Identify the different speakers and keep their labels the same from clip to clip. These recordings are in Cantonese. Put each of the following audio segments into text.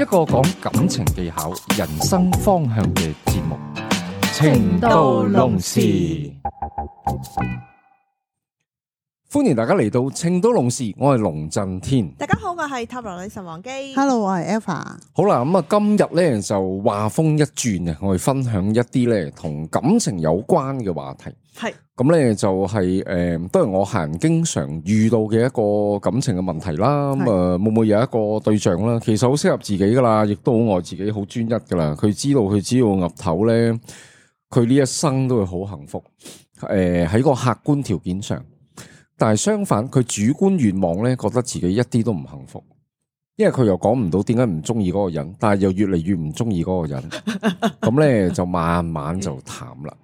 Speaker 1: 一個講感情技巧、人生方向嘅節目，《情到濃時》。歡迎大家嚟到青島龍事，我係龍震天。
Speaker 2: 大家好，我係塔羅女神王姬。
Speaker 3: Hello，我係 Ela。
Speaker 1: 好啦，咁、嗯、啊，今日咧就話鋒一轉啊，我哋分享一啲咧同感情有關嘅話題。係咁咧就係、是、誒、呃，都係我行經常遇到嘅一個感情嘅問題啦。咁啊是、嗯，會唔會有一個對象咧？其實好適合自己噶啦，亦都好愛自己，好專一噶啦。佢知道佢只要岌頭咧，佢呢一生都會好幸福。誒、呃，喺個客觀條件上。但係相反，佢主觀願望咧，覺得自己一啲都唔幸福，因為佢又講唔到點解唔中意嗰個人，但係又越嚟越唔中意嗰個人，咁咧 就慢慢就淡啦。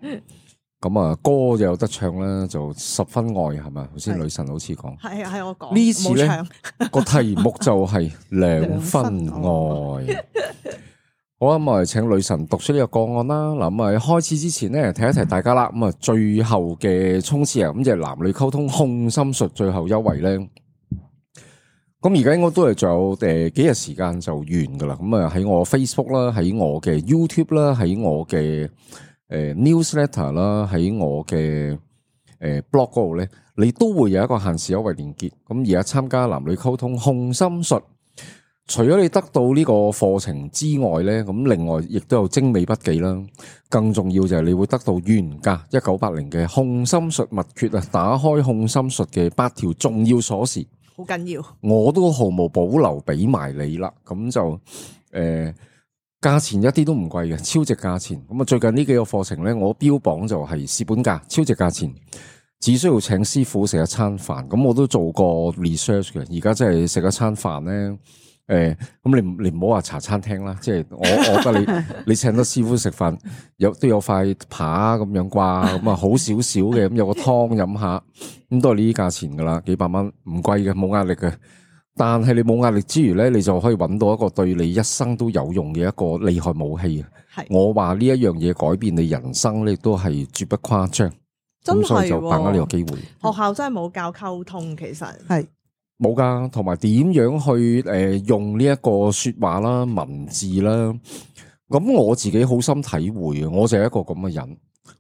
Speaker 1: 咁、嗯、啊，歌就有得唱啦，就十分愛係咪？頭先女神好似講，係
Speaker 3: 啊，係我講。呢次咧
Speaker 1: 個題目就係兩分愛。 好啦，我嚟請女神讀出呢個個案啦。嗱，咁啊，開始之前咧，提一提大家啦。咁啊，最後嘅衝刺啊，咁就男女溝通控心術最後優惠咧。咁而家應該都係仲有誒幾日時間就完噶啦。咁啊，喺我 Facebook 啦，喺我嘅 YouTube 啦，喺我嘅誒 Newsletter 啦，喺我嘅誒 blog 嗰度咧，你都會有一個限時優惠連結。咁而家參加男女溝通控心術。除咗你得到呢個課程之外咧，咁另外亦都有精美筆記啦。更重要就係你會得到原價一九八零嘅《控心術秘訣》啊，打開控心術嘅八條重要鎖匙，
Speaker 2: 好緊要。
Speaker 1: 我都毫無保留俾埋你啦。咁就誒，價、呃、錢一啲都唔貴嘅，超值價錢。咁啊，最近呢幾個課程咧，我標榜就係蝕本價，超值價錢，只需要請師傅食一餐飯。咁我都做過 research 嘅，而家真係食一餐飯咧。誒，咁你你唔好話茶餐廳啦，即係我我覺得你你請多師傅食飯，有都有塊扒咁樣啩，咁啊好少少嘅，咁有個湯飲下，咁都係呢啲價錢噶啦，幾百蚊唔貴嘅，冇壓力嘅。但係你冇壓力之餘咧，你就可以揾到一個對你一生都有用嘅一個厲害武器。係我話呢一樣嘢改變你人生咧，都係絕不誇張。真係哦，咁所以就把握呢個機會。
Speaker 2: 學校真係冇教溝通，其實
Speaker 1: 係。冇噶，同埋點樣去誒、呃、用呢一個說話啦、文字啦，咁我自己好深體會啊，我就係一個咁嘅人。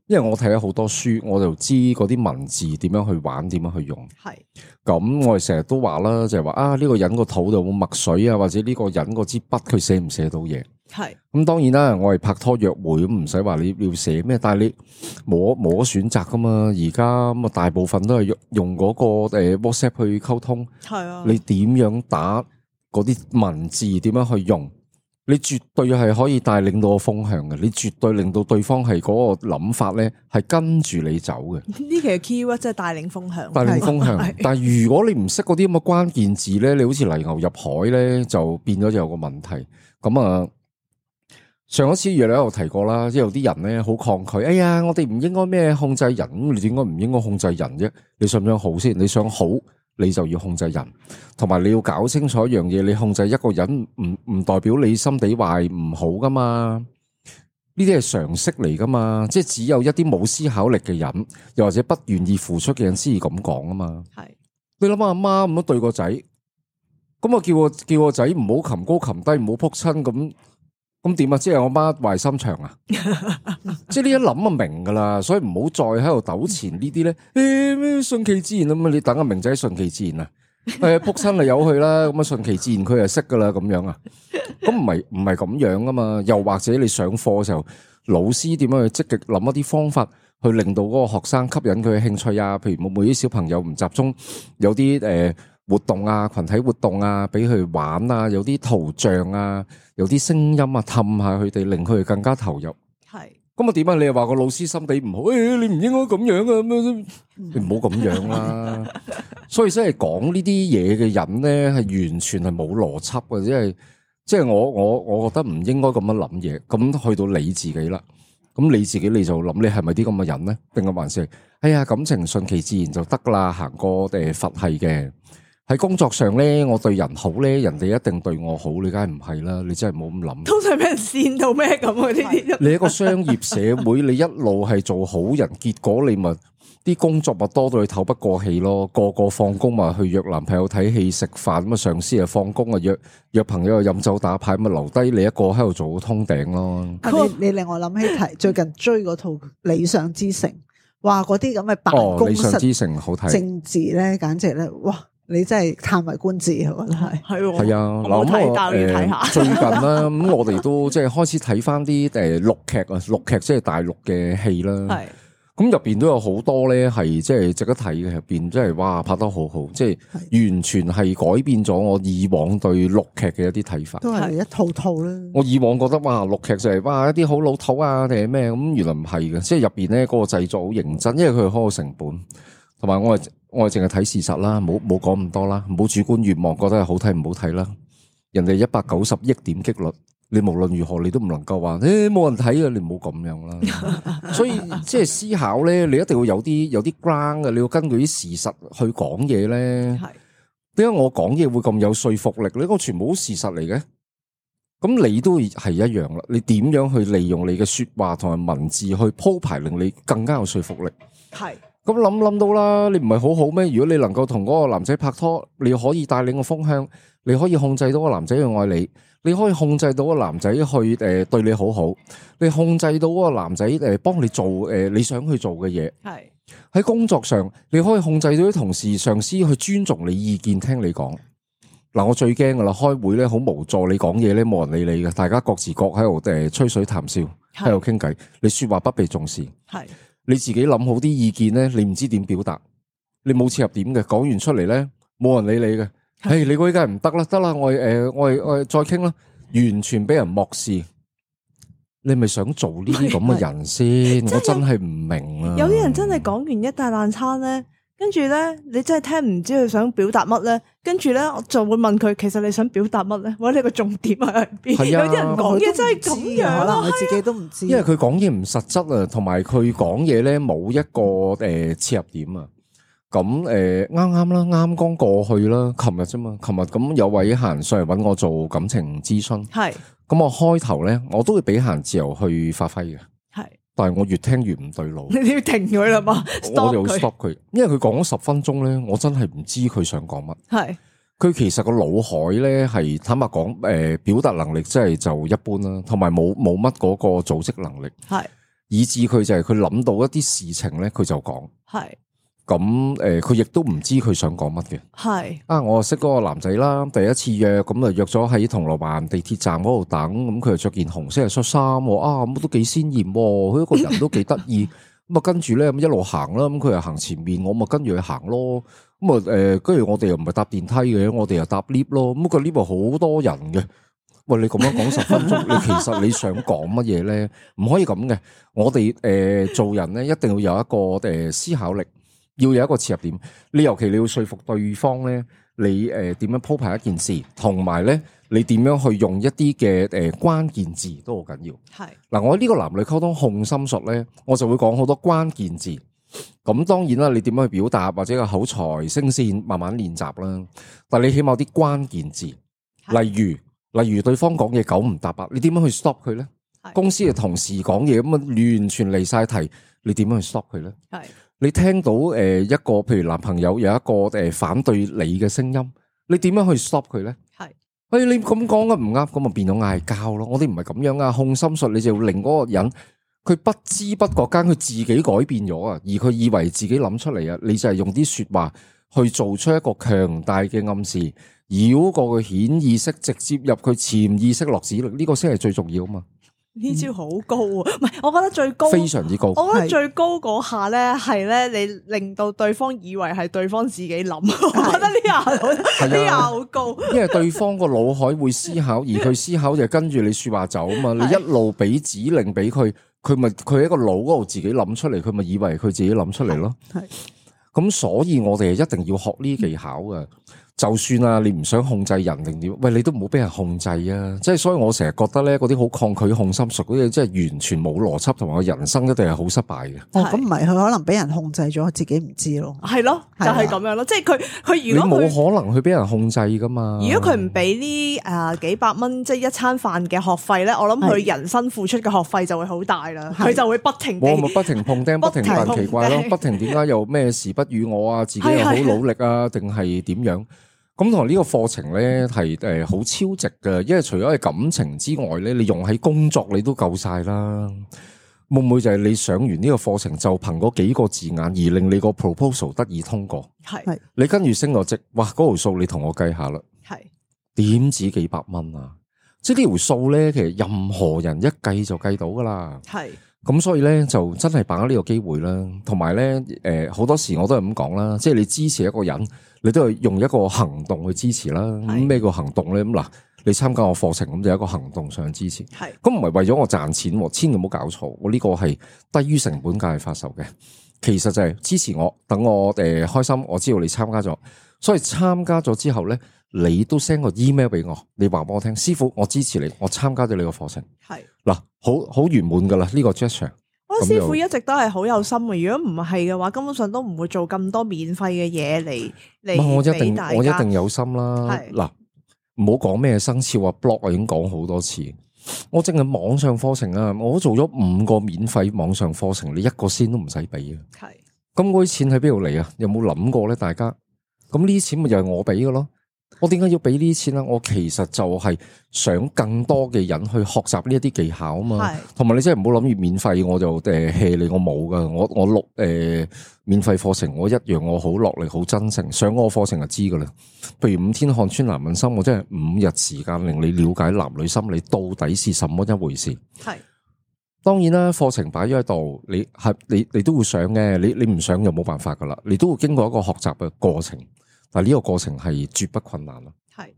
Speaker 1: 因為我睇咗好多書，我就知嗰啲文字點樣去玩，點樣去用。係咁是，我哋成日都話啦，就係話啊呢個人個肚度有冇墨水啊，或者呢個人個支筆佢寫唔寫到嘢？係咁是，當然啦，我係拍拖約會咁，唔使話你要寫咩，但係你冇冇得選擇噶嘛？而家咁啊，大部分都係用用嗰個誒 WhatsApp 去溝通。係啊，你點樣打嗰啲文字，點樣去用？你絕對係可以帶領到個風向嘅，你絕對令到對方係嗰個諗法咧，係跟住你走嘅。呢
Speaker 2: 其實嘅 key word 即係帶領風向，帶領風向。但
Speaker 1: 係如果你唔識嗰啲咁嘅關鍵字咧，你好似泥牛入海咧，就變咗就有個問題。咁啊，上一次亦都有提過啦，即係有啲人咧好抗拒。哎呀，我哋唔應該咩控、控制人，你點解唔應該控制人啫？你想唔想好先？你想好？你就要控制人，同埋你要搞清楚一樣嘢，你控制一個人唔唔代表你心底壞唔好噶嘛？呢啲係常識嚟噶嘛？即係只有一啲冇思考力嘅人，又或者不願意付出嘅人先至咁講啊嘛？係是你諗下阿媽咁樣對個仔，咁啊叫我叫個仔唔好擒高擒低，唔好撲親咁。咁點啊？即係我媽壞心腸啊！即係呢一諗就明噶啦，所以唔好再喺度糾纏呢啲咧、欸。順其自然啊，你等個明仔順其自然啊、 欸。誒，撲親就由佢啦，咁啊順其自然佢就識噶啦咁樣啊。咁唔係唔係咁樣噶嘛？又或者你上課嘅時候，老師點樣去積極諗一啲方法去令到嗰個學生吸引佢嘅興趣啊？譬如每啲小朋友唔集中有，有啲誒。活動啊，群體活動啊，俾佢玩啊，有啲圖像啊，有啲聲音啊，氹下佢哋，令佢哋更加投入。係咁啊？點解你又話個老師心地唔好，誒，你唔應該咁樣啊，咁樣，你唔好咁樣啦。所以真係講呢啲嘢嘅人咧，係完全係冇邏輯嘅，即係即係我我我覺得唔應該咁樣諗嘢。咁去到你自己啦，咁你自己你就諗，你係咪啲咁嘅人咧？定係還是哎呀感情順其自然就得啦，行過誒佛系嘅。喺工作上咧，我對人好咧，人哋一定對我好。你梗係唔係啦？你真係冇咁諗。
Speaker 2: 通常俾人煽到咩咁
Speaker 3: 嗰啲啲。
Speaker 1: 你 一個商業社會，你一路係做好人，結果你咪啲工作咪多到你透不過氣咯。個個放工咪去約男朋友睇戲食飯，咁啊上司又放工啊約約朋友又飲酒打牌，咁啊留低你一個喺度做通頂咯。 你
Speaker 3: 你令我諗起提最近追嗰套理、哦《理想之城》，哇！嗰啲咁嘅辦公室，《理想之城》好睇，政治咧，簡直咧，哇！你真係嘆為觀止，我覺得係係係
Speaker 1: 啊，嗱咁啊，最近啦，咁我哋都即係開始睇翻啲誒，錄劇啊，錄劇即係大陸嘅戲啦。
Speaker 3: 係
Speaker 1: 咁入邊都有好多咧，係即係值得睇嘅入邊，即係哇，拍得好好，即係完全係改變咗我以往對錄劇嘅一啲睇法。都係一
Speaker 3: 套套啦。
Speaker 1: 我以往覺得哇，錄劇就係哇，一啲好老土啊，定係咩咁？原來唔係嘅，即係入邊咧嗰個製作好認真，因為佢開個成本，同埋我係。我淨係睇事實啦，冇冇講咁多啦，冇主觀願望覺得係好睇唔好睇啦。人哋一百九十億點擊率，你無論如何你都唔能夠話誒冇人睇嘅，你唔好咁樣啦。 所以即係、就是、思考咧，你一定要有啲有啲 ground 嘅，你要根據啲事實去講嘢咧。係點解我講嘢會咁有說服力咧？我全部事實嚟嘅。咁你都係一樣啦。你點樣去利用你嘅說話同埋文字去鋪排，令你更加有說服力？
Speaker 3: 係。
Speaker 1: 咁諗諗到啦，你唔係好好咩？如果你能夠同嗰個男仔拍拖，你可以帶領個風向，你可以控制到個男仔去愛你，你可以控制到個男仔去誒對你好好，你控制到嗰個男仔誒幫你做誒你想去做嘅嘢。係喺是工作上，你可以控制到啲同事上司去尊重你意見，聽你講。嗱，我最驚噶啦，開會咧好無助，你講嘢咧冇人理你嘅，大家各自各喺度誒吹水談笑，喺度傾偈，是你說話不被重視。係。你自己諗好啲意見咧，你唔知點表達，你冇切入點嘅，講完出嚟咧，冇人理你嘅。唉是的、哎，你嗰啲梗係唔得啦，得啦，我誒、呃，我我，我再傾啦，完全俾人漠視，你咪想做呢啲咁嘅人先，的我真係唔有明啊！有啲人
Speaker 2: 真係講完一大爛餐咧。跟住咧，你真係聽唔知佢想表達乜咧？跟住咧，我就會問佢，其實你想表達乜咧？或者你個重點係喺邊？有
Speaker 3: 啲人講嘢真係咁樣啦，我自己都唔知。因為佢
Speaker 1: 講嘢唔實質啊，同埋佢講嘢咧冇一個誒切入點啊。咁誒啱啱啦，啱啱剛過去啦，琴日啫嘛，琴日咁有位客上嚟揾我做感情諮詢，係咁我開頭咧，我都會俾客自由去發揮嘅。但係我越聽越唔對路，你
Speaker 2: 要停佢啦嘛？我有 stop
Speaker 1: 佢， 因為佢講咗十分鐘咧，我真係唔知佢想講乜。係是，佢其實個腦海咧係坦白講，誒、呃，表達能力真係就一般啦，同埋冇冇乜嗰個組織能力，係是，以致佢就係佢諗到一啲事情咧，佢就講，係。咁誒，佢亦都唔知佢想講乜嘅。係是啊，我識嗰個男仔啦，第一次約，咁啊約咗喺銅鑼灣地鐵站嗰度等。咁佢又着件紅色嘅恤衫，啊咁都幾鮮艷。佢一個人都幾得意。咁啊 跟住咧咁一路行啦，咁佢又行前面，我咪跟住佢行咯。咁啊誒，跟、呃、住我哋又唔係搭電梯嘅，我哋又搭 lift 咯。咁、嗯嗰個 lift 好多人嘅。喂，你咁樣講十分鐘， 你其實你想講乜嘢咧？唔可以咁嘅。我哋誒、呃、做人咧，一定要有一個誒思考力。要有一個切入點，你尤其你要說服對方咧，你誒點樣鋪排一件事，同埋咧你點樣去用一啲嘅誒關鍵字都好緊要。係嗱是，我呢個男女溝通控心術咧，我就會講好多關鍵字。咁當然啦，你點樣去表達或者個口才聲線，慢慢練習啦。但係你起碼有啲關鍵字，例如是例如對方講嘢九唔搭八，你點樣去 stop 佢咧？是公司嘅同事講嘢咁樣，完全離晒題，你點樣去 stop 佢咧？係是。嗯你聽到誒一個，譬如男朋友有一個誒反對你嘅聲音，你點樣去 stop 佢咧？係是，喂、哎，你咁講嘅唔啱，咁咪變咗嗌交咯。我哋唔係咁樣啊，控心術你就要令嗰個人，佢不知不覺間佢自己改變咗啊，而佢以為自己諗出嚟，啊，你就係用啲說話去做出一個強大嘅暗示，繞過佢顯意識，直接入佢潛意識落指令，呢、這個先係最重要嘛。
Speaker 2: 呢招好高啊！唔係，我覺得最高非常之高。我覺得最高嗰下咧，係咧你令到對方以為係對方自己諗，的我覺得呢下好，呢的下好高。因為對
Speaker 1: 方個腦海會思考，而佢思考就跟住你說話走啊嘛。的你一路俾指令俾佢，佢咪佢喺個腦嗰度自己諗出嚟，佢咪以為佢自己諗出嚟咯。
Speaker 3: 係，
Speaker 1: 咁所以我哋一定要學呢技巧嘅。就算啊，你唔想控制人定點，喂，你都唔好俾人控制啊！即係所以我成日覺得咧，嗰啲好抗拒控心術嗰啲，即係完全冇邏輯同埋人生一定係好失敗
Speaker 3: 嘅。哦，咁唔係佢可能俾人控制咗自己
Speaker 1: 唔知咯，
Speaker 3: 係咯，
Speaker 2: 就係、
Speaker 1: 是、
Speaker 3: 咁樣咯。的即係佢佢如果冇
Speaker 1: 可能佢俾人控制噶嘛？如果佢
Speaker 2: 唔俾呢誒幾百蚊即係一餐飯嘅學費咧，我諗佢人生付出嘅學費就會好大啦。佢的就會不停，我咪的不
Speaker 1: 停碰釘，不停問奇怪咯，不停點解又咩事不與我啊？自己又好努力啊？定係點樣？咁同呢個課程咧係誒好超值嘅，因為除咗係感情之外咧,你用喺工作你都夠晒啦。會唔會就係你上完呢個課程就憑嗰幾個字眼而令你個 proposal 得以通過？係是你跟住升咗職，哇！嗰條數你同我計下啦。係點是止幾百蚊啊？即係呢條數咧，其實任何人一計就計到噶啦。係。咁所以咧就真係把握呢個機會啦，同埋咧誒好多時我都係咁講啦，即係你支持一個人，你都係用一個行動去支持啦。咩是叫行動咧咁嗱？你參加我課程，咁就有一個行動上支持。係是，咁唔係為咗我賺錢喎、啊，千祈唔好搞錯。我呢個係低於成本價係發售嘅，其實就係支持我，等我誒、呃、開心。我知道你參加咗，所以參加咗之後咧。你都 send 個 email 俾我，你話俾我聽，師傅，我支持你，我參加咗你個課程，係嗱是，好好圓滿噶啦。呢、這個 jason，我、哦、師傅一
Speaker 2: 直都係好有心嘅，如果唔係嘅話，根本上都唔會做咁多免費嘅嘢嚟嚟俾大家，我一定我一定
Speaker 1: 有心啦，嗱是，唔好講咩生肖啊 block，我已經講好多次，我淨係網上課程啊，我做咗五個免費網上課程，你一個先都唔使俾啊，係是，咁嗰啲錢喺邊度嚟啊？有冇諗過咧？大家有有，咁呢啲錢咪又係我俾嘅咯？我點解要俾呢啲錢咧？我其實就係想更多嘅人去學習呢一啲技巧啊嘛。係，同埋你真係唔好諗住免費、呃，我就誒氣你，我冇噶。我我錄誒免費課程，我一樣我好落力，好真誠上嗰個課程就知噶啦。譬如五天看穿男人心，我真係五日時間令你了解男女心理到底是什麼一回事。係，是的 當然啦，課程擺咗喺度，你係你你都會想嘅。你你唔想又冇辦法噶啦。你都會經過一個學習嘅過程。嗱，呢、啊這個過程係絕不困難咯。係是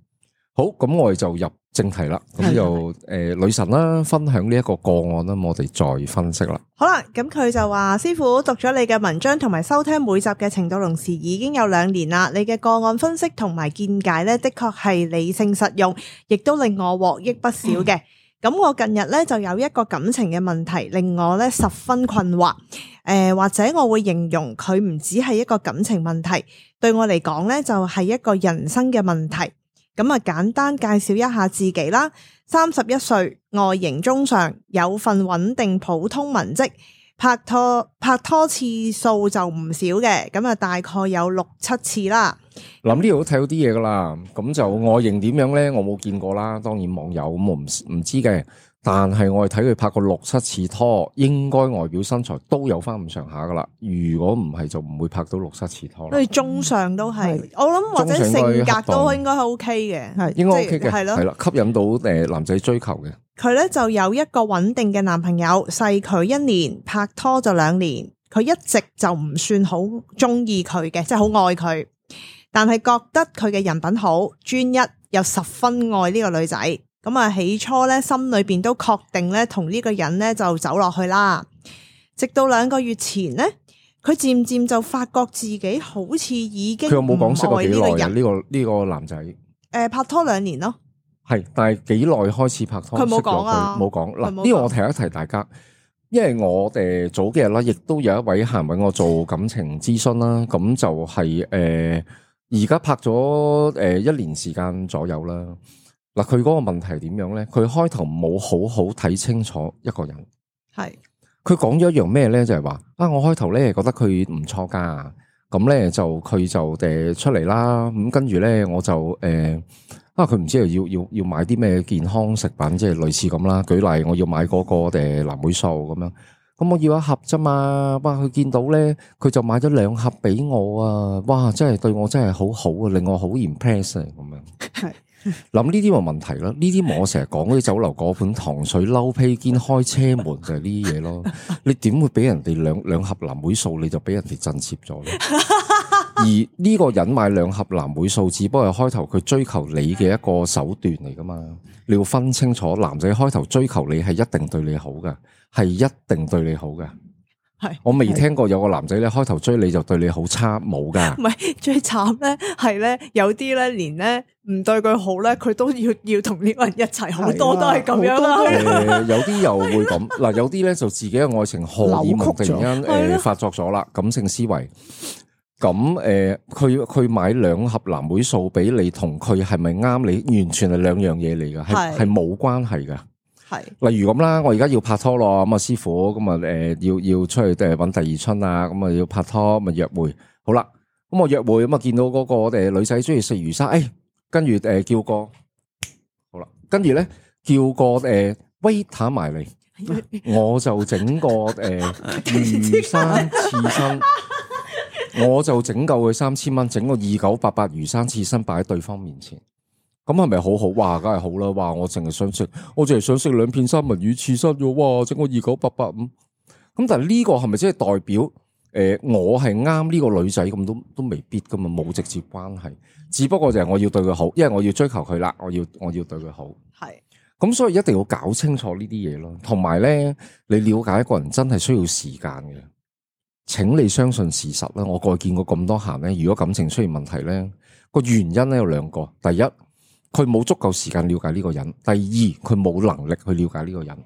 Speaker 1: 好，咁我哋就入正題啦。咁的就誒、呃的呃、女神啦，分享呢一個個案啦，我哋再分析啦。
Speaker 2: 好啦，咁佢就話：師傅讀咗你嘅文章同埋收聽每集嘅程度，同時已經有兩年啦。你嘅個案分析同埋見解呢，的確係理性實用，亦都令我獲益不少嘅。咁、嗯、我近日呢，就有一個感情嘅問題，令我呢十分困惑。誒，或者我會形容佢唔只係一個感情問題，對我嚟講呢就係一個人生嘅問題。咁啊，簡單介紹一下自己啦，三十一歲，外形中上，有份穩定普通文職，拍拖拍拖次數就唔少嘅，咁啊大概有六七次啦。諗
Speaker 1: 呢度都睇到啲嘢㗎啦，咁就外形點樣呢？我冇見過啦，當然網友咁我唔唔知嘅。但係我哋睇佢拍過六七次拖，應該外表身材都有翻咁上下噶啦。如果唔係就唔會拍到六七次拖。佢、嗯、
Speaker 2: 中上都係，的我諗或者性格都應該 O K 嘅，係應該 O K 嘅，係咯，
Speaker 1: 吸引到誒男仔追求嘅。
Speaker 2: 佢呢就有一個穩定嘅男朋友，細佢一年，拍拖就兩年。佢一直就唔算好中意佢嘅，即係好愛佢，但係覺得佢嘅人品好專一，又十分愛呢個女仔。咁啊，起初咧，心裏邊都確定咧，同呢個人咧就走落去啦。直到兩個月前咧，佢漸漸就發覺自己好似已經佢有冇講識過幾耐啊？
Speaker 1: 呢個呢個男仔
Speaker 2: 誒、呃，拍拖兩年咯，
Speaker 1: 係，但係幾耐開始拍拖？佢冇講啊，冇講嗱。呢啦個我提一提大家，因為我哋早幾日啦，亦都有一位客揾我做感情諮詢啦，咁就係誒而家拍咗誒一年時間左右啦。嗱，佢嗰個問題係點樣咧？佢開頭冇好好睇清楚一個人，係佢講咗一樣咩咧？就係、是、話啊，我開頭咧覺得佢唔錯噶，咁咧就佢就誒出嚟啦。咁跟住咧我就誒、呃、啊，佢唔知要要要，要買啲咩健康食品，即係類似咁啦。舉例，我要買嗰個誒藍莓素咁樣，咁我要一盒啫嘛。哇！佢見到咧，佢就買咗兩盒俾我啊！哇！真係對我真係好好啊，令我好 impress 啊咁樣。係。諗呢啲咪問題咯，呢啲咪我成日講嗰啲酒樓嗰盤糖水褸披肩開車門，就係呢啲嘢咯。你點會俾人哋兩兩盒藍莓素你就俾人哋震懾咗咧？而呢個人買兩盒藍莓素，只不過係開頭佢追求你嘅一個手段嚟噶嘛。你要分清楚，男仔開頭追求你係一定對你好嘅，係一定對你好嘅。係，我未聽過有個男仔咧，開頭追你就對你好差，冇噶。
Speaker 2: 唔係最慘咧，係咧有啲咧，連咧唔對佢好咧，佢都要要同呢個人一齊，好多都係咁樣啦。
Speaker 1: 有啲又會咁嗱，的有啲咧就自己嘅愛情扭曲咗，發作咗啦，感性思維。咁誒，佢、呃、佢買兩盒藍莓素俾你，同佢係咪啱你？完全係兩樣嘢嚟噶，係係冇關係噶。例如咁啦，我而家要拍拖咯，咁啊師傅，咁啊誒，要要出去誒搵第二春啊，咁啊要拍拖，咪約會，好啦，咁我約會咁啊見到嗰個誒女仔中意食魚生，誒、哎，跟住誒叫個，好啦，跟住咧叫個誒 waiter 埋嚟，我就整個誒、呃、魚生刺身，我就整夠佢三千蚊，整個二九八八魚生刺身擺喺對方面前。咁係咪好好？哇，梗係好啦！哇，我淨係想食，我淨係想食兩片三文魚刺身咋？哇，整個二九八八五。咁但係呢個係咪真係代表誒、呃、我係啱呢個女仔咁都都未必噶嘛，冇直接關係。只不過就係我要對佢好，因為我要追求佢啦，我要我要對佢好。係咁是，所以一定要搞清楚呢啲嘢咯。同埋咧，你了解一個人真係需要時間嘅。請你相信事實啦。我過去見過咁多咸咧，如果感情出現問題咧，個原因咧有兩個，第一。佢冇足夠時間了解呢個人，第二，佢冇能力去了解呢個人。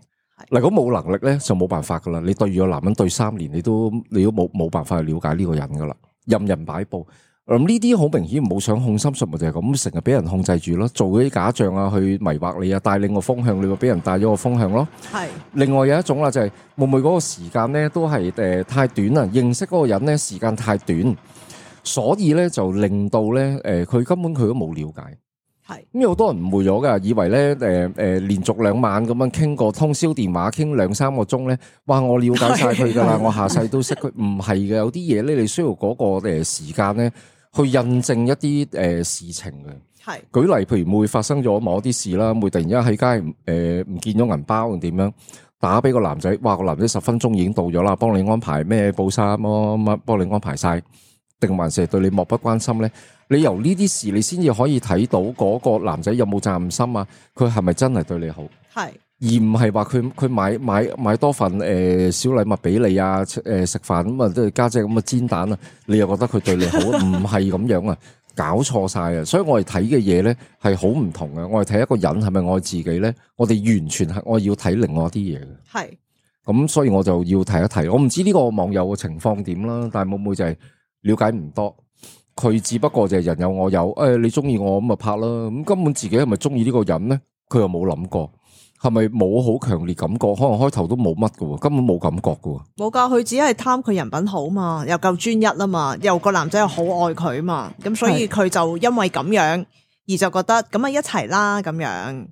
Speaker 1: 嗱，如果冇能力咧就冇辦法噶啦。你對住個男人對三年，你都你都冇冇辦法去了解呢個人噶啦。任人擺布，咁呢啲好明顯冇想控心術，咪就係咁，成日俾人控制住咯，做嗰啲假象啊，去迷惑你啊，帶領個方向，你會俾人帶咗個方向咯。係另外有一種啦，就係每每嗰個時間咧都係誒太短啦，認識嗰個人咧時間太短，所以咧就令到咧誒佢根本佢都冇了解。咁有好多人誤會咗噶，以為咧誒誒，連續兩晚咁樣傾過通宵電話，傾兩三個鐘咧，哇！我了解晒佢噶啦，對 我下世都識佢。唔係嘅，有啲嘢咧，你需要嗰個誒時間咧去印證一啲誒事情嘅。係，對 舉例譬如會發生咗某啲事啦，會突然間喺街誒唔見咗銀包，點樣打俾個男仔？哇！個男仔十分鐘已經到咗啦，幫你安排咩補衫啊，幫你安排晒。定還是對你漠不關心咧？你由呢啲事，你先至可以睇到嗰個男仔有冇責任心啊？佢係咪真係對你好？係是而唔係話佢佢買買買多份誒、呃、小禮物俾你啊？誒、呃、食飯咁啊，都係家姐咁嘅煎蛋啊？你又覺得佢對你好？唔係咁樣啊， 搞錯晒啊！所以我哋睇嘅嘢咧係好唔同嘅。我哋睇一個人係咪愛自己咧？我哋完全係我要睇另外啲嘢嘅。係咁是，所以我就要提一提。我唔知呢個網友嘅情況點啦，但係冇冇就係、是。了解唔多，佢只不過就係人有我有，誒、哎，你中意我咁咪拍啦，咁根本自己係咪中意呢個人咧？佢又冇諗過，係咪冇好強烈感覺？可能開頭都冇乜噶，根本冇感覺噶，
Speaker 2: 冇噶，佢只係貪佢人品好嘛，又夠專一啊嘛，又個男仔又好愛佢嘛，咁所以佢就因為咁樣是而就覺得咁啊一齊啦，咁樣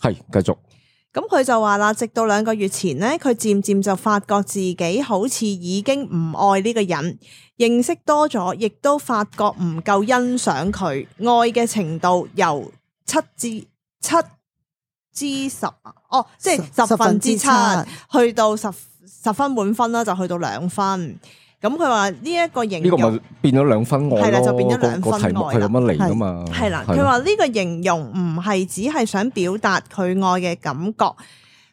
Speaker 1: 係繼續。
Speaker 2: 咁佢就話啦，直到兩個月前咧，佢漸漸就發覺自己好似已經唔愛呢個人，認識多咗，亦都發覺唔夠欣賞佢，愛嘅程度由七至七之十哦，即係十分之七，去到十十分滿分啦，就去到兩分。咁佢話呢一個形容，
Speaker 1: 變咗兩分愛係啦，就變咗兩分愛咁樣嚟噶嘛？係啦，佢話
Speaker 2: 呢個形容唔係只係想表達佢愛嘅感覺，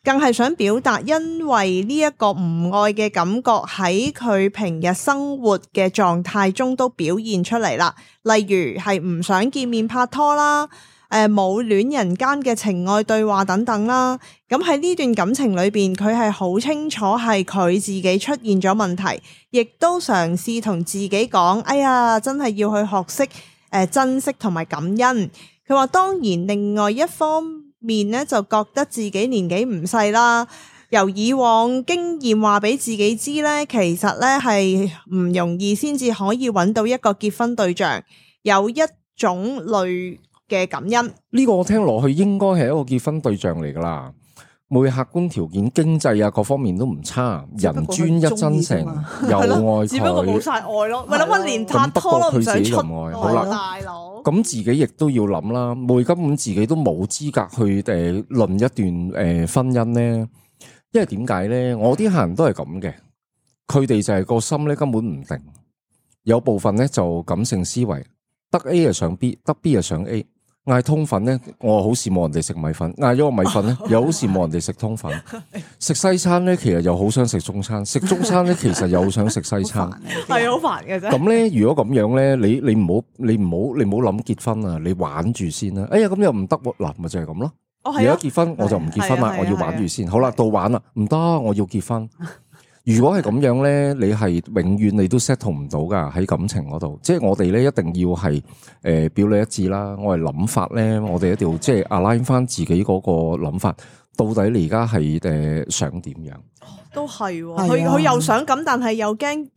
Speaker 2: 更係想表達因為呢一個唔愛嘅感覺喺佢平日生活嘅狀態中都表現出嚟啦。例如係唔想見面拍拖啦。誒，冇戀人間嘅情愛對話等等啦。咁喺呢段感情裏邊，佢係好清楚係佢自己出現咗問題，亦都嘗試同自己講：哎呀，真係要去學識誒、呃，珍惜同埋感恩。佢話當然，另外一方面呢，就覺得自己年紀唔細啦。由以往經驗話俾自己知呢，其實呢係唔容易先至可以搵到一個結婚對象，有一種類。嘅
Speaker 1: 感恩，呢個我聽落去應該係一個結婚對象嚟噶啦，每客觀條件、經濟啊各方面都唔差，人專一、真誠、喜歡 有愛，只不過，冇晒愛
Speaker 2: 咯。咪諗下連拍拖都唔想出愛，的好啦，大佬哥。
Speaker 1: 咁自己亦都要諗啦。每根本自己都冇資格去誒論一段誒婚姻咧，因為點解咧？我啲客人都係咁嘅，佢哋就係個心咧根本唔定，有部分咧就感性思維，得 A 就上 B，得 B 就上 A。嗌通粉咧，我好羨慕人哋食米粉；嗌咗個米粉咧，又好羨慕人哋食通粉。食 西餐咧，其實又好想中 食中餐；食中餐咧，其實又想食西餐。
Speaker 3: 係好煩嘅啫。咁
Speaker 1: 咧， 如果咁樣咧，你你唔好，你唔好，你唔好諗結婚啊！你玩住先啦。哎呀，咁又唔得，嗱，咪就係咁咯。啊、如果結婚我就唔結婚啦，我要玩住先。好啦、啊，到玩啦，唔得、啊，我要結婚。如果係咁樣咧，你係永遠你都 settle 唔到噶喺感情嗰度。即係我哋咧一定要係誒表裏一致啦。我哋諗法咧，我哋一定要即係 align 翻自己嗰個諗法。到底你而家係誒想點樣？
Speaker 2: 都係、啊，佢佢又想咁，但係又驚，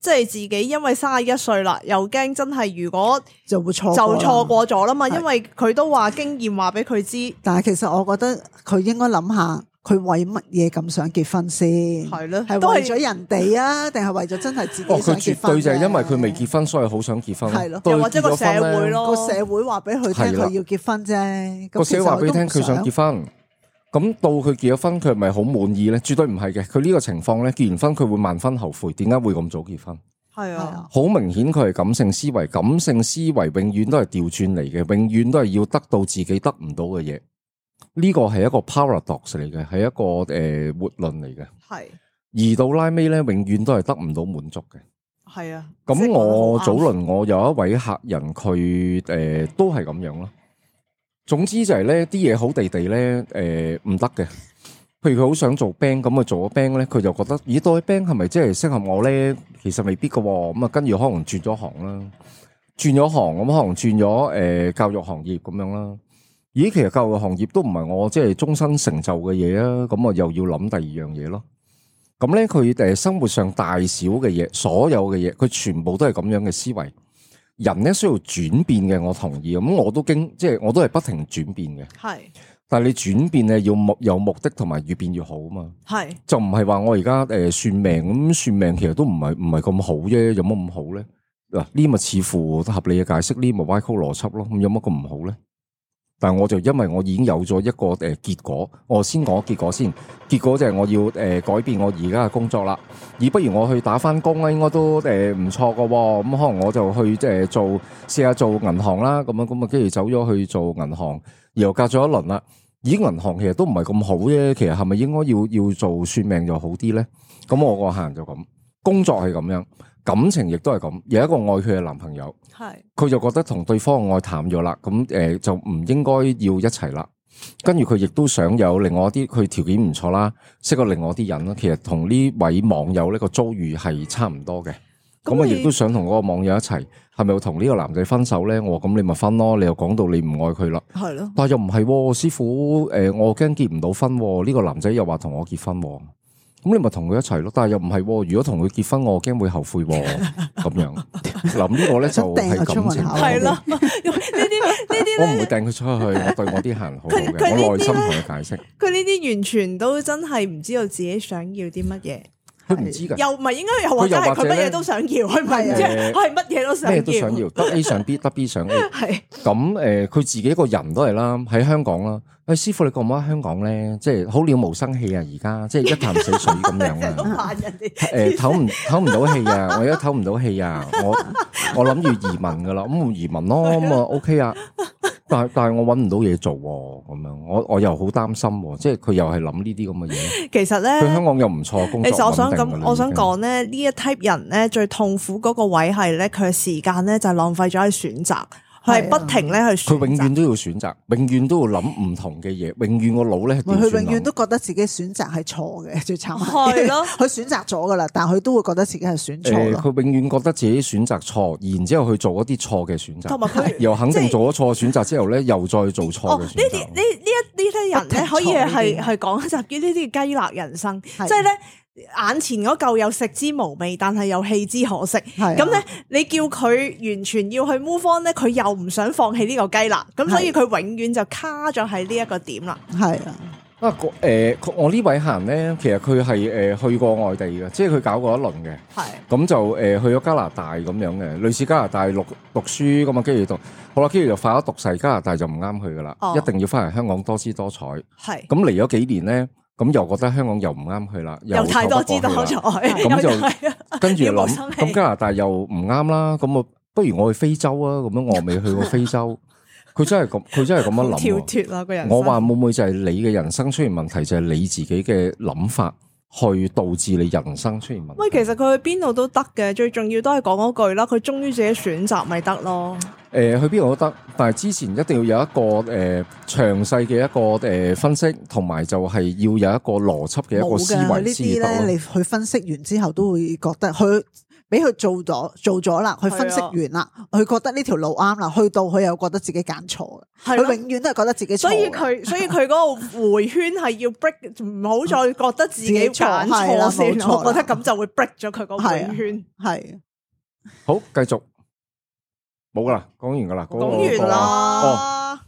Speaker 2: 即係自己因為三十一歲啦，又驚真係如果
Speaker 1: 就會錯就錯
Speaker 2: 過咗啦嘛。因為佢都話經驗話俾佢知。
Speaker 3: 的但係其實我覺得佢應該諗下。佢為乜嘢咁想結婚先？係咯，係為咗人哋啊，定係為咗真係自己想結婚？哦，佢絕對就係因
Speaker 1: 為佢未結婚，所以好想結婚。係咯，又或者個社會咯，個
Speaker 3: 社會話俾佢聽，佢要結婚啫。個社會話俾佢聽，佢想結
Speaker 1: 婚。咁到佢結咗婚，佢係咪好滿意咧？絕對唔係嘅。佢呢個情況咧，結完婚佢會萬分後悔。點解會咁早結婚？
Speaker 3: 係啊，
Speaker 1: 好明顯佢係感性思維，感性思維永遠都係調轉嚟嘅，永遠都係要得到自己得唔到嘅嘢。呢個係一個 paradox 嚟嘅，係一個誒、呃、活論嚟嘅。係是而到拉尾咧，永遠都係得唔到滿足嘅。係啊。咁、嗯、是我，我早輪我有一位客人，佢誒、呃、都係咁樣咯。總之就係、是、咧，啲嘢好地地咧，誒唔得嘅。譬如佢好想做 band，咁啊做咗 band 咧，佢就覺得咦，對 band 係咪即係適合我咧？其實未必噶。咁、嗯、啊，跟住可能轉咗行啦，轉咗行咁可能轉咗誒教育行業咁樣啦。咦，其實教育行業都唔係我即係終身成就嘅嘢啊！咁我又要諗第二樣嘢咯。咁咧，佢哋生活上大小嘅嘢，所有嘅嘢，佢全部都係咁樣嘅思維。人咧需要轉變嘅，我同意。咁我都經即係我都係不停轉變嘅。係是，但係你轉變咧，要目有目的，同埋越變越好啊嘛。係是，就唔係話我而家誒算命咁算命，算命其實都唔係唔係咁好啫。有乜咁好咧？嗱，呢咪似乎都合理嘅解釋，呢咪歪曲邏輯咯。咁有乜咁唔好咧？但係我就因為我已經有咗一個誒、呃、結果，我先講結果先。結果就係我要誒、呃、改變我而家嘅工作啦，而不如我去打翻工咧，應該都誒唔、呃、錯噶、哦。咁、嗯、可能我就去誒、呃、做試下做銀行啦。咁樣咁啊，跟住走咗去做銀行，而又隔咗一輪啦。咦銀行其實都唔係咁好啫。其實係咪應該要要做算命就好啲咧？咁、嗯、我個客人就咁。工作係咁樣，感情亦都係咁。有一個愛佢嘅男朋友，係佢的就覺得同對方嘅愛淡咗啦。咁誒、呃，就唔應該要一齊啦。跟住佢亦都想有另外啲，佢條件唔錯啦，識個另外啲人啦。其實同呢位網友呢個遭遇係差唔多嘅。咁啊你，亦都想同嗰個網友一齊。係咪要同呢個男仔分手呢？我咁你咪分咯。你又講到你唔愛佢啦。係咯的。但係又唔係、喎，師傅誒、呃，我驚結唔到婚、喎。呢、這個男仔又話同我結婚、喎。咁你咪同佢一齊咯，但係又唔係？如果同佢結婚，我驚會後悔咁樣諗。 呢個咧 就係感情係啦。
Speaker 3: 呢啲呢
Speaker 1: 啲我唔會掟佢出去，我對我啲客人好好嘅。 我耐心同佢解釋。
Speaker 2: 佢呢啲完全都真係唔知道自己想要啲乜嘢。
Speaker 1: 佢唔知噶，又唔係應該，又或者係佢乜嘢都
Speaker 2: 想要，係咪
Speaker 1: 即係？我係乜嘢都想要，得 A 上 B，得 B 上 A。係咁誒，佢、呃、自己個人都係啦，喺香港啦。喂、欸，師傅你覺唔覺得香港咧，即係好了無生氣啊？而 家即係一潭死水咁樣啊！
Speaker 3: 誒、呃，
Speaker 1: 唞唔唞唔到氣啊！我而家唞唔到氣啊！我我諗住移民噶啦，咁移民咯咁啊，OK 啊！但係但係我揾唔到嘢做喎，咁樣我我又好擔心喎，即係佢又係諗呢啲咁嘅嘢。 其實咧，佢香港又唔錯，工作穩定嘅。其實我想咁，我想講
Speaker 2: 咧，呢一 type 人咧最痛苦嗰個位係咧，佢時間咧就係浪費咗喺選擇。係不停
Speaker 1: 咧去選，佢永遠都要選擇，永遠都要諗唔同嘅嘢，永遠個腦咧。佢永遠
Speaker 3: 都覺得自己選擇係錯嘅，最慘。係咯，佢選擇咗噶啦，但係佢都會覺得自己係選錯。佢、
Speaker 1: 呃、永遠覺得自己選擇錯，然之後去做一啲錯嘅選擇，同埋佢又肯定做咗錯選擇之後咧，就是、又再做錯嘅選擇。
Speaker 2: 呢啲呢呢一呢啲人咧，可以係係講一集於呢啲雞肋人生，即係咧。眼前嗰嚿又食之無味，但係又棄之可惜。咁咧是、啊，你叫佢完全要去 move on 咧，佢又唔想放棄呢個雞啦。咁所以佢永遠就卡咗喺呢一個點啦。
Speaker 3: 係
Speaker 1: 啊，啊，誒，我呢位行咧，其實佢係誒去過外地嘅，即係佢搞過一輪嘅。係咁是、啊、就誒去咗加拿大咁樣嘅，類似加拿大讀讀書咁啊，跟住讀。好啦，跟住又快咗讀細，加拿大就唔啱去噶啦，一定要翻嚟香港多姿多彩。係咁嚟咗幾年咧。嗯嗯咁又覺得香港又唔啱去啦，又，又太多資本在，咁 就
Speaker 3: 跟住諗。咁 心加
Speaker 1: 拿大又唔啱啦，咁我不如我去非洲啊！咁樣我未去過非洲，佢 真係咁，佢真係咁樣諗、啊、跳脫
Speaker 2: 啦個人。我話會
Speaker 1: 唔會就係你嘅人生出現問題，就係、是、你自己嘅諗法去導致你人生出現問題？
Speaker 2: 喂，其實佢去邊度都得嘅，最重要都係講嗰句啦，佢忠於自己選擇咪得咯。
Speaker 1: 誒，去邊度都得，但係之前一定要有一個誒詳細嘅一個誒分析，同埋就係要有一個邏輯嘅一個思維呢啲咧，你
Speaker 3: 去分析完之後都會覺得他他，佢俾佢做咗做咗啦，佢分析完啦，佢的覺得呢條路啱啦，去到佢又覺得自己揀錯，佢的永遠都係覺得自己。所以佢所以佢
Speaker 2: 嗰個回圈係要 break，唔好再覺得
Speaker 3: 自己揀錯先，我覺得咁就會 break 咗佢個回圈。係
Speaker 1: 好，繼續。冇啦，講完噶啦，講完啦。哦，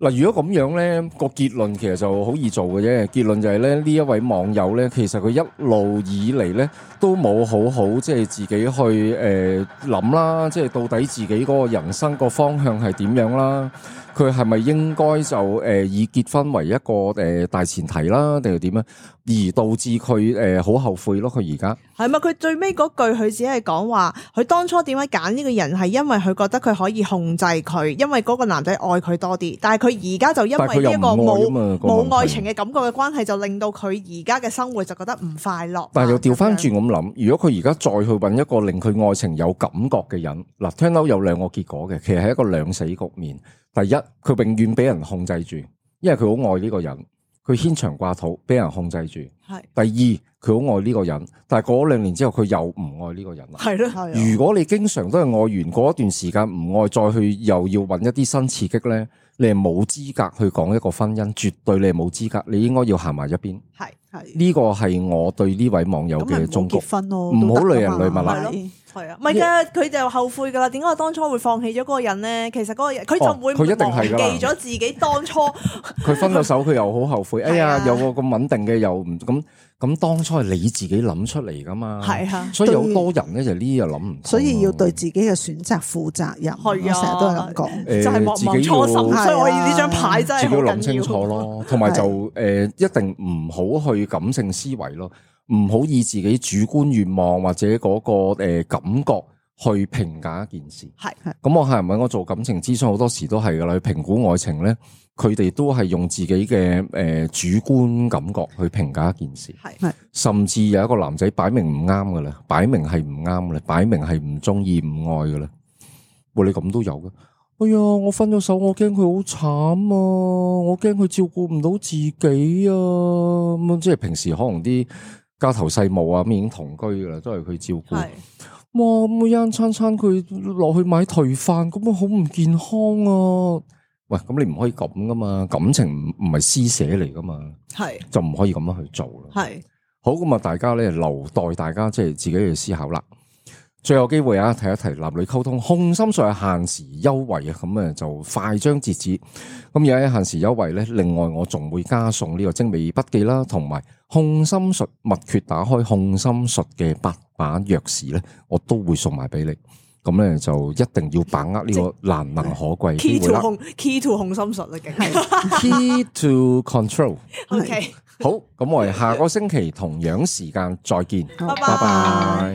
Speaker 1: 嗱，如果咁樣咧，個結論其實就好易做嘅啫。結論就係咧，呢一位網友咧，其實佢一路以嚟咧都冇好好即係自己去誒諗啦，即係到底自己嗰個人生個方向係點樣啦。佢係咪應該就誒、呃、以結婚為一個誒、呃、大前提啦，定係點樣？而導致佢誒好後悔，咯，佢而家
Speaker 2: 係咪佢最尾嗰句佢只係講話佢當初點解揀呢個人係因為佢覺得佢可以控制佢，因為嗰個男仔愛佢多啲，但係佢而家就因為呢、這個冇冇愛，愛情嘅感覺嘅關係，就令到佢而家嘅生活就覺得唔快樂。
Speaker 1: 但係又調翻轉咁諗，樣如果佢而家再去揾一個令佢愛情有感覺嘅人，嗱聽到有兩個結果嘅，其實係一個兩死局面。第一，佢永遠俾人控制住，因為佢好愛呢個人，佢牽腸掛肚，俾人控制住。係。是的 第二，佢好愛呢個人，但過咗兩年之後，佢又唔愛呢個人。係係。如果你經常都係愛完嗰一段時間唔愛，再去又要揾一啲新刺激呢，你係冇資格去講一個婚姻，絕對你係冇資格，你應該要行埋一邊。係。呢個係我對呢位網友嘅忠告。唔好累人累物啦。
Speaker 2: 係啊，唔係啊，佢就後悔噶啦。點解我當初會放棄咗嗰個人咧？其實嗰個人佢就會忘記咗自己當初。
Speaker 1: 佢分咗手，佢又好後悔。哎呀，有個咁穩定嘅又唔咁咁，當初係你自己諗出嚟噶嘛？係啊，所以好多人咧就呢啲又諗唔到。所以要
Speaker 3: 對自己嘅選擇負責任。去。啊，成日都係咁講，就係莫忘初心。所以我以呢張牌真係好諗清楚咯。同埋就
Speaker 1: 誒，一定唔好去感性思維咯。唔好以自己主觀願望或者嗰、那個誒、呃、感覺去評價一件事。係係。咁我係唔係我做感情諮詢，好多時都係噶啦。去評估愛情咧，佢哋都係用自己嘅誒、呃、主觀感覺去評價一件事。係係。甚至有一個男仔擺明唔啱噶啦，擺明係唔啱嘅，啦，擺明係唔中意唔愛噶啦。哇、呃！你咁都有噶？哎呀，我分咗手，我驚佢好慘啊！我驚佢照顧唔到自己啊！咁、嗯、即係平時可能啲。家頭細務啊，咁已經同居噶啦，都係佢照顧。是哇，咁樣餐餐佢落去買頹飯，咁啊好唔健康啊！喂，咁你唔可以咁噶嘛，感情唔唔係施捨嚟噶嘛，係是就唔可以咁樣去做啦。係是好，咁啊，大家咧留待大家即係自己去思考啦。最後機會啊！提一提男女溝通控心術嘅限時優惠啊，咁啊就快將截止。咁而家限時優惠咧，另外我仲會加送呢個精美筆記啦，同埋控心術密決，打開控心術嘅八把鑰匙咧，我都會送埋俾你。咁咧就一定要把握呢個難能可貴機會。key to
Speaker 2: key to 控心術啊嘅
Speaker 3: key
Speaker 1: to control okay。OK，好，咁我哋下個星期同樣時間再見。拜拜。